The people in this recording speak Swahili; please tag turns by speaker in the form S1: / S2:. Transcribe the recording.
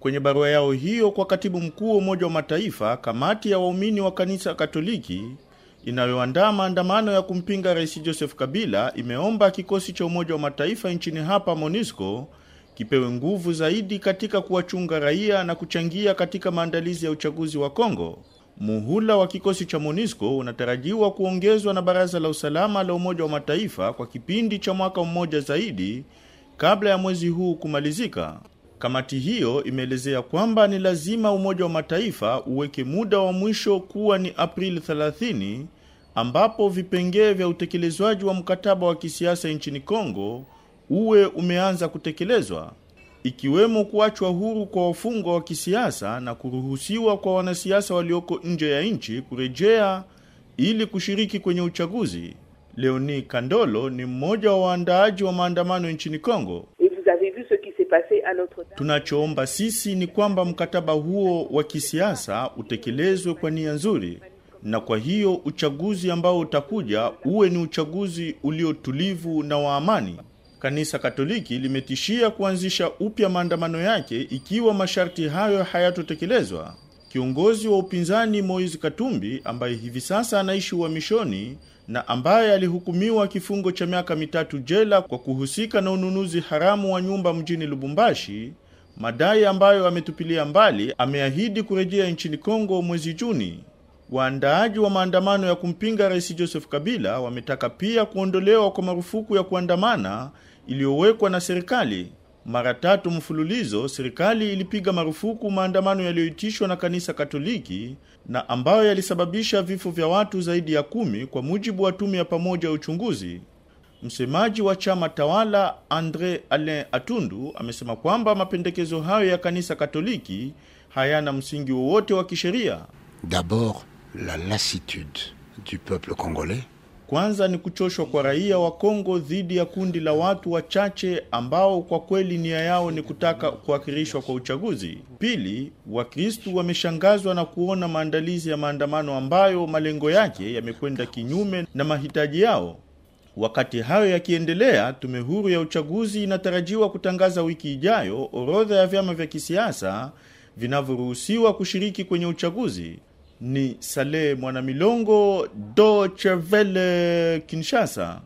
S1: Kwenye barua yao hiyo kwa katibu mkuu wa Umoja wa Mataifa, kamati ya waumini wa kanisa Katoliki inayoandaa maandamano ya kumpinga Rais Joseph Kabila imeomba kikosi cha Umoja wa Mataifa nchini hapa MONUSCO kipewe nguvu zaidi katika kuwachunga raia na kuchangia katika maandalizi ya uchaguzi wa Kongo. Muhula wa kikosi cha MONUSCO unatarajiwa kuongezwa na Baraza la Usalama la Umoja wa Mataifa kwa kipindi cha mwaka mmoja zaidi kabla ya mwezi huu kumalizika. Kamati hiyo imeelezea kwamba ni lazima Umoja wa Mataifa uweke muda wa mwisho kuwa ni Aprili 30 ambapo vipengee vya utekelezwaji wa mkataba wa kisiasa nchini Kongo uwe umeanza kutekelezwa ikiwemo kuachwa huru kwa wafungwa wa kisiasa na kuruhusiwa kwa wanasiasa walioko nje ya nchi kurejea ili kushiriki kwenye uchaguzi. Leoni Kandolo ni mmoja wa waandaaji wa maandamano nchini Kongo. Tunachoomba sisi ni kwamba mkataba huo wa kisiasa utekelezwe kwa nia nzuri, na kwa hiyo uchaguzi ambao utakuja uwe ni uchaguzi uliotulivu na wa amani. Kanisa Katoliki limetishia kuanzisha upya maandamano yake ikiwa masharti hayo hayatotekelezwa. Kiongozi wa upinzani Moise Katumbi ambaye hivi sasa anaishi uhamishoni na ambaye alihukumiwa kifungo cha miaka mitatu jela kwa kuhusika na ununuzi haramu wa nyumba mjini Lubumbashi, madai ambayo ametupilia mbali, ameahidi kurejea nchini Kongo mwezi Juni. Waandaaji wa maandamano ya kumpinga Rais Joseph Kabila wametaka pia kuondolewa kwa marufuku ya kuandamana iliyowekwa na serikali mara tatu mfululizo serikali ilipiga marufuku maandamano yaliyoitishwa na kanisa Katoliki na ambayo yalisababisha vifo vya watu zaidi ya kumi kwa mujibu wa tume ya pamoja ya uchunguzi. Msemaji wa chama tawala Andre Alain Atundu amesema kwamba mapendekezo hayo ya kanisa Katoliki hayana msingi wowote wa kisheria. D'abord la lassitude du peuple congolais kwanza ni kuchoshwa kwa raia wa Kongo dhidi ya kundi la watu wachache ambao kwa kweli nia yao ni kutaka kuakirishwa kwa uchaguzi. Pili, Wakristu wameshangazwa na kuona maandalizi ya maandamano ambayo malengo yake yamekwenda kinyume na mahitaji yao. Wakati hayo yakiendelea, tume huru ya uchaguzi inatarajiwa kutangaza wiki ijayo orodha ya vyama vya kisiasa vinavyoruhusiwa kushiriki kwenye uchaguzi ni Sale Mwanamilongo, chevele Kinshasa.